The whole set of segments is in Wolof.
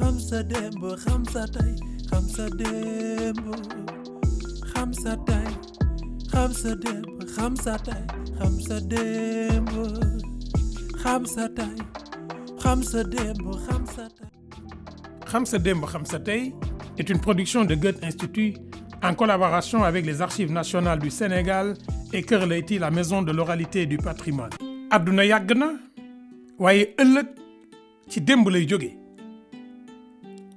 xam sa démb xam sa xam sa démb xam production de Goethe Institut en collaboration avec les Archives nationales du Sénégal et Kër Leyti la maison de l'oralité et du patrimoine. àdduna yàgg na ci démb lay jóge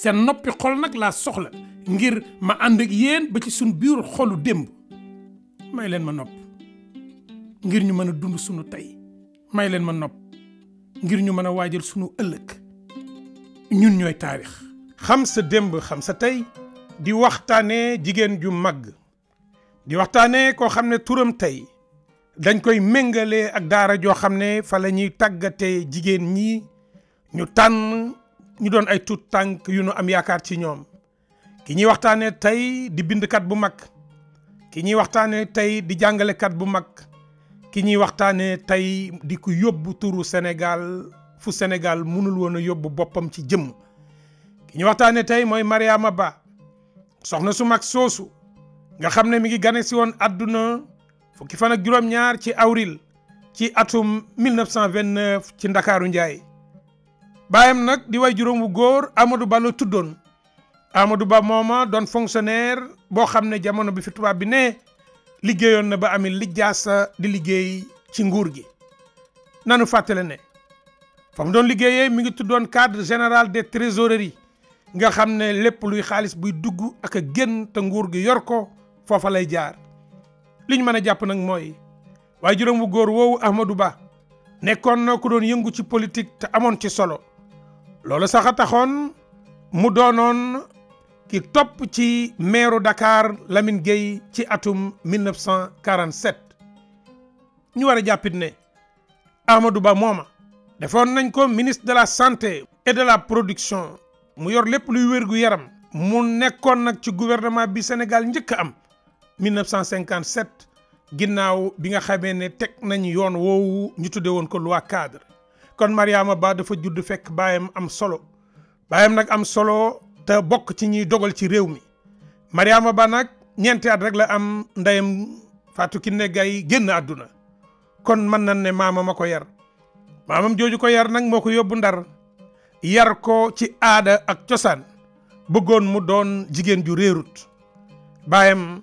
seen noppi xol nag laa soxla ngir ma ànd ak yéen ba ci suñ biir xolu démb may leen ma nopp ngir ñu mën a dund sunu tey may leen ma nopp ngir ñu mën a waajal sunu ëllëg ñun ñooy taarix. xam sa démb xam sa tey di waxtaanee jigéen ju màgg di waxtaanee koo xam ne turam tey dañ koy méngalee ak daara joo xam ne fa la ñuy tàggatee jigéen ñi ñu tànn. ñu doon ay tuut tànk yu nu am yaakaar ci ñoom ki ñuy waxtaanee tey di bindkat bu mag ki ñuy waxtaanee tey di jàngalekat bu mag ki ñuy waxtaanee tey di ku yóbbu turu Sénégal fu Sénégal mënul woon a yóbbu boppam ci jëmm ki ñuy waxtaanee tey mooy Mariama Ba soxna su mag soosu nga xam ne mi ngi gane si woon àdduna fukki fan ak juróom-ñaar ci awril ci atum 1929 ci Ndakaaru Njaay baayam nag di way juróom wu góor Amadou Ba tuddoon Amadou Ba mooma doon fonctionnaire boo xam ne jamono bi fi tubaab bi ne liggéeyoon na ba ami sa di liggéey ci nguur gi nanu fàttale ne fa mu doon liggéeyee mi ngi tuddoon cadre général des trésoreries nga xam ne lépp luy xaalis buy dugg ak a génn te nguur gi yor ko foofa lay jaar liñ ñu mën a jàpp nag mooy waaye juróom wu góor woowu Amadou Ba nekkoon na ku doon yëngu ci politique te amoon ci solo loolu sax a taxoon mu doonoon ki topp ci meeru Dakar Lamine Gueye ci atum 1947 ñu war a jàppit ne Amadou Ba mooma defoon nañ ko ministre de la santé et de la production mu yor lépp luy wérgu yaram mu nekkoon nag ci gouvernement bi Sénégal njëkk a am 1957 ginnaaw bi nga xamee ne teg nañ yoon woowu ñu tudde woon ko loi cadre kon Mariama Ba dafa judd fekk baayam am solo baayam nag am solo te bokk ci ñuy dogal ci réew mi Mariama Ba nag ñeenti at rek la am ndeyam Fatou Kiné Gaye génn àdduna kon mën nañ ne maama ma ko yar maamam jooju ko yar nag moo ko yóbbu ndar yar ko ci aada ak cosaan bëggoon mu doon jigéen ju réerut baayam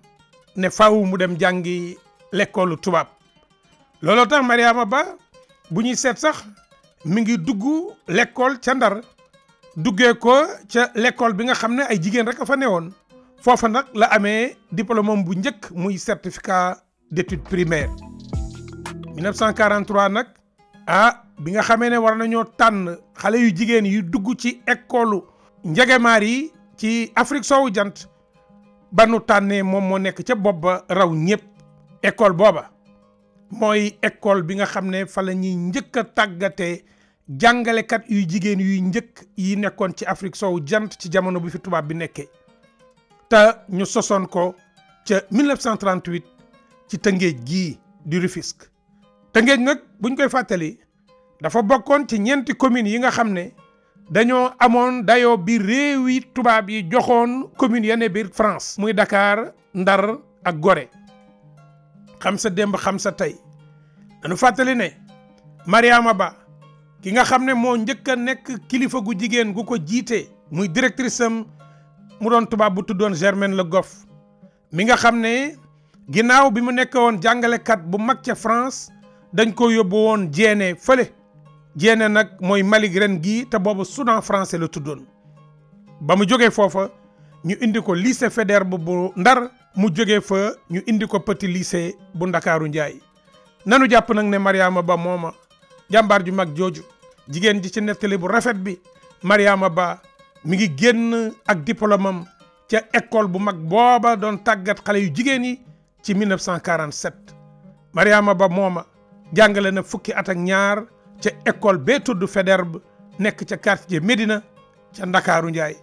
ne faaw mu dem jàngi lekkoolu tubaab looloo tax Mariama Ba bu ñuy seet sax mi ngi dugg lekkool ca Ndar duggee ko ca lekkool bi nga xam ne ay jigéen rek a fa newoon foofa nag la amee diplôme bu njëkk muy certificat d'études primaires 1943 nag ah bi nga xamee ne war nañoo tànn xale yu jigéen yu dugg ci école njegemaar yi ci Afrique soowu jant banu nu tànnee moom moo nekk ca bopp ba raw ñëpp école booba mooy école bi nga xam ne fa la ñuy njëkk a tàggatee jàngalekat yu jigéen yuy njëkk yi nekkoon ci Afrique soow jant ci jamono bi fi tubaab bi nekkee te ñu sosoon ko ca 1938 ci tëngéej gi di Rufisque tëngéej nag buñ koy fàttali dafa bokkoon ci ñeenti communes yi nga xam ne dañoo amoon dayoo bi réew tubaab yi joxoon communes ya ne biir France muy dakaar Ndar ak gore xam sa démb xam sa tey dañu fàttali ne Mariama Ba ki nga xam ne moo njëkk a nekk kilifa gu jigéen gu ko jiite muy directrice am mu doon tubaab bu tuddoon Germaine Le Goff mi nga xam ne ginnaaw bi mu nekk woon jàngalekat bu mag ca France dañ ko yóbbu woon Jéene fële Jéene nag mooy Mali ren gii te boobu Soudan français la tuddoon ba mu jógee foofa ñu indi ko lycée Faidherbe bu Ndar mu jógee fa ñu indi ko petit lycée bu Ndakaaru Njaay nanu jàpp nag ne Mariama Ba mooma jàmbaar ju mag jooju jigéen ji ci nettali bu rafet bi Mariama Ba mi ngi génn ak diplôme ca école bu mag booba doon tàggat xale yu jigéen yi ci 1947 Mariama Ba mooma jàngale na fukki at ak ñaar ca école bee tudd Faidherbe nekk ca quartier Médina ca Ndakaaru Njaay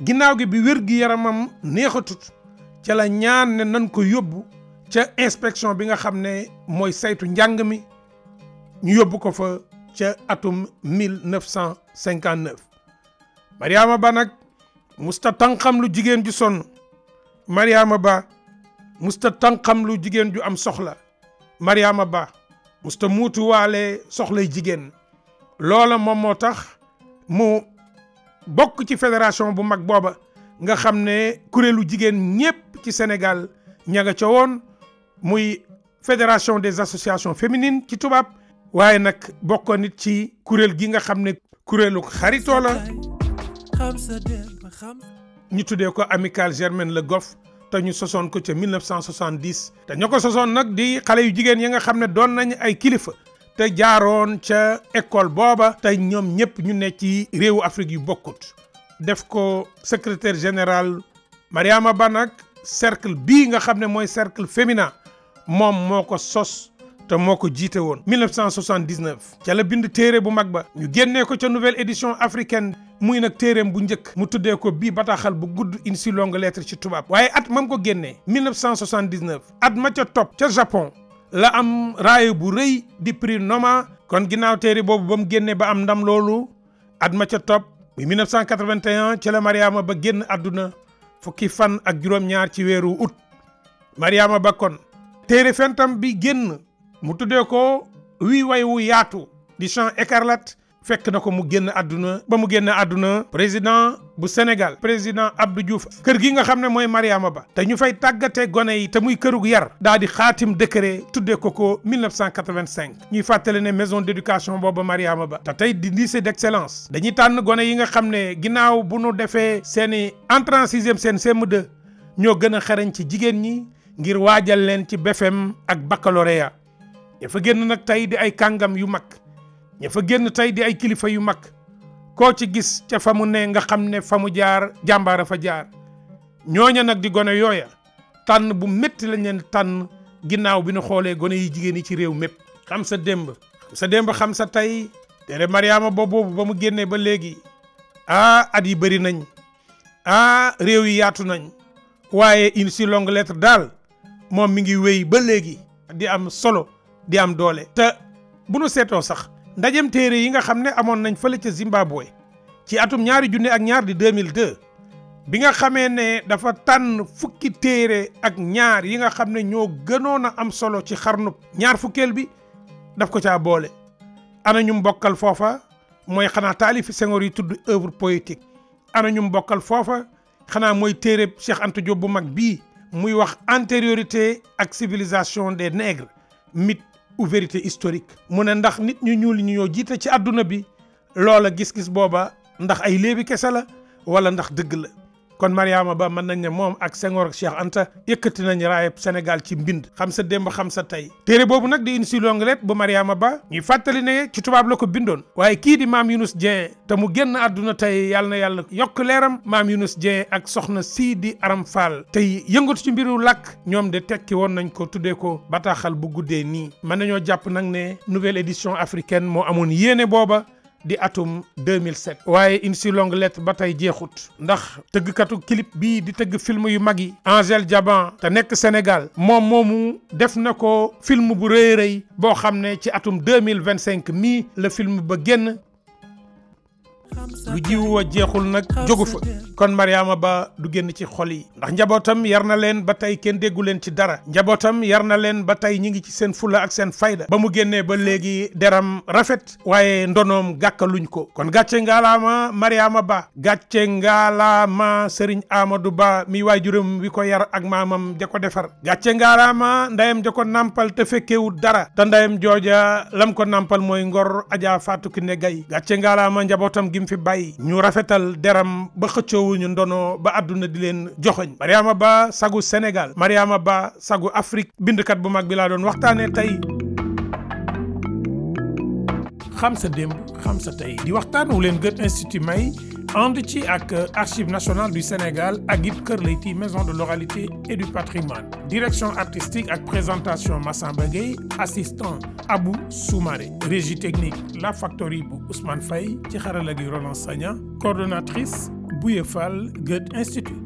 ginnaaw gi bi wér gi yaramam neexatut ca la ñaan ne nan ko yóbbu ca inspection bi nga xam ne mooy saytu njàng mi ñu yóbbu ko fa ca atum 1959 mariama ba nag musta tànqam lu jigéen ju sonn mariama ba musta tànqam lu jigéen ju am soxla mariama ba musta muutuwaale soxlay jigéen loola moom moo tax mu bokk ci fédération bu mag booba nga xam ne kuréelu jigéen ñépp ci Sénégal ña nga ca woon muy fédération des associations féminines ci tubaab waaye nag bokkoon nit ci kuréel gi nga xam ne kuréelu xaritoo la ñu tuddee ko Amicale Germaine Le Goff te ñu sosoon ko ca 1970 te ñoo ko sosoon nag di xale yu jigéen yi nga xam ne doon nañ ay kilifa te jaaroon ca école booba te ñoom ñëpp ñu ne ci réewu Afrique yu bokkut def ko secretaire général Mariama Ba nag cercle bi nga xam ne mooy cercle féminin moom moo ko sos te moo ko jiite woon 1979 ca la bind téere bu mag ba ñu génnee ko ca nouvelle édition africaine muy nag téereem bu njëkk mu tuddee ko bii bataaxal bu gudd une si longue lettre ci tubaab waaye at mam ko génnee 1979 at ma ca topp ca Japon la am raayo bu rëy di prix Noma kon ginnaaw téere boobu ba mu génnee ba am ndam loolu at ma ca topp muy 1981 ci la Mariama ba génn adduna fukki fan ak juróom-ñaar ci weeru août Mariama ba kon téere fentam bi génn mu tuddee ko wii way wu yaatu di champ écarlate fekk na ko mu génn àdduna ba mu génn àdduna président bu Sénégal président Abdou Diouf kër gi nga xam ne mooy Mariama Ba te ñu fay tàggatee gone yi te muy kërug yar daa di xaatim décret tuddee ko ko 1985 ñuy fàttale ne maison d'éducation booba Mariama Ba te tey di lycée d'excellence dañuy tànn gone yi nga xam ne ginnaaw bu nu defee seen i entrée en sixième seen CM2 ñoo gën a xarañ ci jigéen ñi ngir waajal leen ci BFEM ak baccalauréat ña génn nag tey di ay kàngam yu mag ña fa génn tey di ay kilifa yu mag koo ci gis ca fa mu ne nga xam ne fa mu jaar jàmbaara fa jaar ñooña nag di gone yooya tànn bu métti lañ leen tànn ginnaaw bi nu xoolee gone yi jigéen yi ci réew mépp xam sa démb xam sa démb xam sa tey tere Mariama ba boobu ba mu génnee ba léegi ah at yi bëri nañ ah réew yi yaatu nañ waaye une si longue lettre daal moom mi ngi wéy ba léegi di am solo di am doole. te bu nu seetoo sax ndajem téere yi nga xam ne amoon nañ fële ca Zimbabwe ci atum ñaari junne ak ñaar di 2002 bi nga xamee ne dafa tànn fukki téere ak ñaar yi nga xam ne ñoo gënoon a am solo ci xarnu ñaar fukkeel bi daf ko caa boole. ana ñu mbokkal foofa mooy xanaa taalifi Senghor yi tudd œuvre poétique ana ñu mbokkal foofa xanaa mooy téere Cheikh Anta Diop bu mag bii muy wax antériorité ak civilisation des nègres mythe ou vérité historique mu ne ndax nit ñu ñuul ñu ñoo jiite ci adduna bi loola gis-gis booba ndax ay léebi kese la wala ndax dëgg la kon Mariama Ba mën nañ ne moom ak Senghor Cheikh Anta yëkkati nañ raayab Sénégal ci mbind xam sa démb xam sa tey téere boobu nag di une si longue lettre bu Mariama Ba ñuy fàttali ne ci tubaab la ko bindoon waaye kii di maam Younouss Dieng te mu génn àdduna tey yàlla na yàlla yokk leeram maam Younouss Dieng ak soxna sii di Aram Fall tey yëngatu ci mbiru lakk ñoom de tekki woon nañ ko tuddee ko bataaxal bu guddee nii mën nañoo jàpp nag ne nouvelle édition africaine moo amoon yéene booba di atum 2007 waaye une si longue lettre ba tey jeexut ndax tëggkatu clip bii di tëgg film yu mag yi Angèle Diaban te nekk Sénégal moom moomu def na ko film bu rëy rëy boo xam ne ci atum 2025 mille mii la film ba génn lu jiwu wa jeexul nag jógu fa kon Mariama Ba du génn ci xol yi ndax njabootam yar na leen ba tey kenn déggu leen ci dara njabootam yar na leen ba tey ñi ngi ci seen fula ak seen fayda ba mu génnee ba léegi deram rafet waaye ndonoom gàkkaluñ ko kon gàcce ngaalaama Mariama Ba gàcce ngaalaama aama du Ba mi waajuram wi ko yar ak maamam ja ko defar gàcce ngaalaama ndayam ja ko nampal te fekkewul dara te ndayam jooja lam ko mooy ngor Adja Fatou ñu rafetal deram ba xëccoowuñu ndono ba àdduna di leen joxoñ Mariama Ba sagu Sénégal Mariama Ba sagu Afrique bindkat bu mag bi laa doon waxtaanee tey xam sa démb di waxtaan leen Goethe Institut may ànd ci ak Archives national du Sénégal ak it Kër Leyti maison de l'oralité et du patrimoine direction artistique ak présentation Massamba Gueye assistant Abou Soumaré régie technique La Factory bu Ousmane Faye ci xarala gi Roland Sagna coordonnatrice Institut